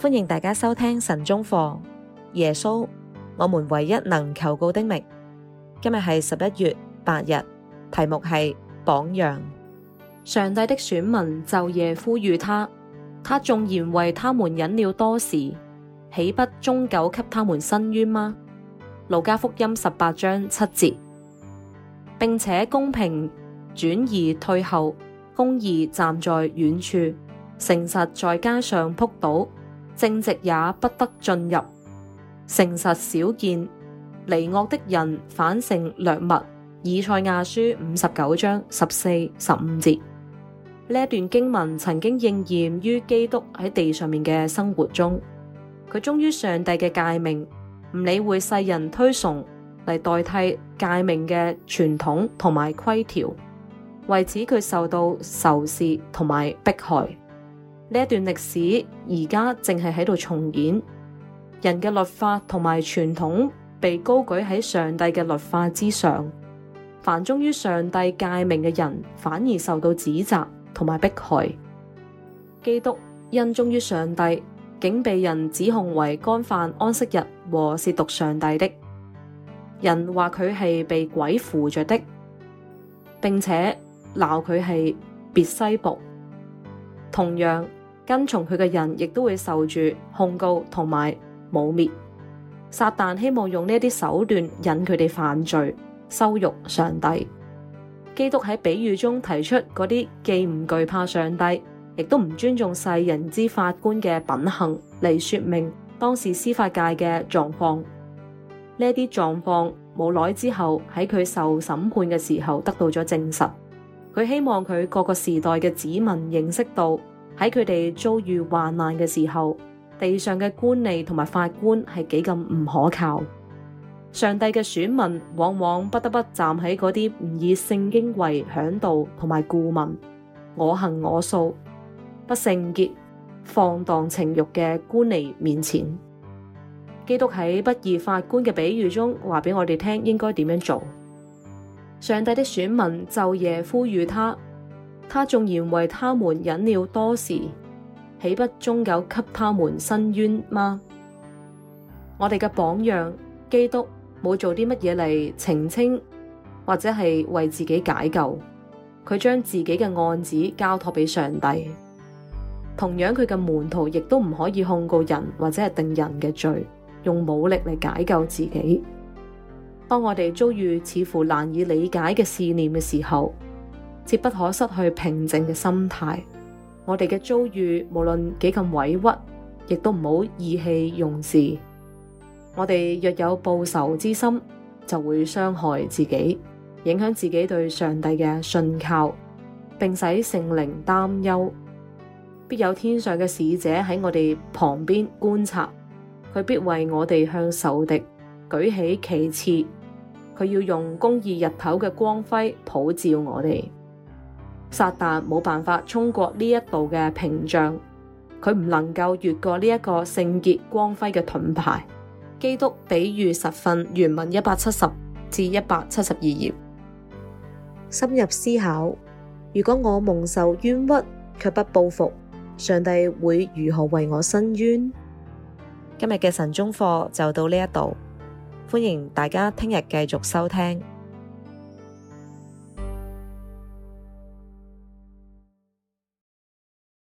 歡迎大家收聽晨鐘課。耶穌，我們唯一能求告的名。今日係十一月八日，題目係榜樣。上帝的選民晝夜呼籲他，他縱然為他們忍了多時，豈不終久給他們伸冤嗎？路加福音十八章七節，並且公平轉移退後，公義站在遠處，誠實在街上撲倒。正直也不得進入，誠實少見，離惡的人反成掠物。以賽亞書五十九章十四、十五節。呢一段經文，曾經應驗於基督喺地上面嘅生活中。佢忠於上帝嘅誡命，唔理會世人推崇嚟代替誡命嘅傳統同埋規條，為此佢受到仇視同埋迫害。呢一段歷史而家正係喺度重演。人嘅律法同埋傳統被高舉喺上帝嘅律法之上，凡忠於上帝誡命嘅人反而受到指責同埋迫害。基督因忠於上帝，竟被人指控為干犯安息日和褻瀆上帝的，人話佢係被鬼附着的，並且鬧佢係別西卜。同樣。跟從佢嘅人亦都會受住控告同埋污蔑，撒旦希望用呢啲手段引佢哋犯罪，羞辱上帝。基督喺比喻中提出嗰啲既唔懼怕上帝，亦都唔尊重世人之法官嘅品行嚟說明當時司法界嘅狀況。呢啲狀況冇耐之後喺佢受審判嘅時候得到咗證實。佢希望佢各個時代嘅子民認識到。喺佢哋遭遇患難嘅時候，地上嘅官吏同埋法官係幾咁唔可靠。上帝嘅選民往往不得不站喺嗰啲唔以聖經為嚮導同埋顧問，我行我素、不聖潔、放蕩情欲嘅官吏面前。基督喺不義法官嘅比喻中話俾我哋聽應該點樣做。上帝的選民晝夜呼籲他。他縱然為他們忍了多時，豈不終久給他們伸冤嗎？我哋嘅榜樣基督冇做啲乜嘢嚟澄清，或者係為自己解救。佢將自己嘅案子交託俾上帝。同樣，佢嘅門徒亦都唔可以控告人或者係定人嘅罪，用武力嚟解救自己。當我哋遭遇似乎難以理解嘅思念嘅時候，切不可失去平靜嘅心態，我哋嘅遭遇，無論幾咁委屈，亦都唔好意氣用事。我哋若有報仇之心，就會傷害自己，影響自己對上帝嘅信靠，並使聖靈擔憂。必有天上嘅使者喺我哋旁邊觀察，佢必為我哋向仇敵舉起旗幟，佢要用公義日頭嘅光輝普照我哋。撒但冇辦法衝過呢一道嘅屏障，佢唔能夠越過呢一個聖潔光輝嘅盾牌。基督比喻十份原文一百七十至一百七十二頁。深入思考：如果我蒙受冤屈卻不報復，上帝會如何為我申冤？今日嘅神宗課就到呢一度，歡迎大家聽日繼續收聽。